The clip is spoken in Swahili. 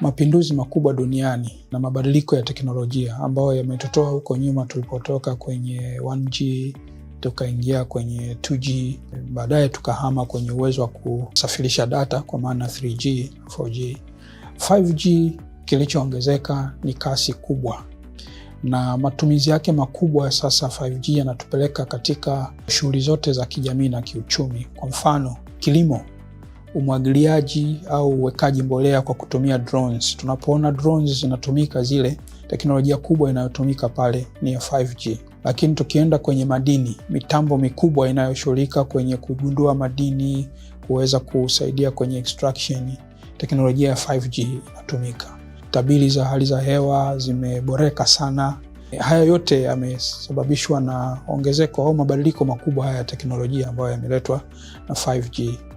mapinduzi makubwa duniani na mabadiliko ya teknolojia ambayo yametotoa huko nyuma tulipotoka kwenye 1G tukaingia kwenye 2G, baadaye tukahama kwenye uwezo wa kusafirisha data kwa maana 3G, 4G. 5G kilichoongezeka ni kasi kubwa, na matumizi yake makubwa sasa 5G yanatupeleka katika shughuli zote za kijamii na kiuchumi, kwa mfano kilimo umwagiliaji au uwekaji mbolea kwa kutumia drones. Tunapoona drones zinatumika, zile teknolojia kubwa inayotumika pale ni ya 5G. Lakini tukienda kwenye madini, mitambo mikubwa inayoshughulika kwenye kugundua madini, kuweza kusaidia kwenye extraction, teknolojia ya 5G inatumika. Tabiri za hali za hewa zimeboreka sana. Haya yote yamesababishwa na ongezeko au mabadiliko makubwa haya ya teknolojia ambayo yameletwa na 5G.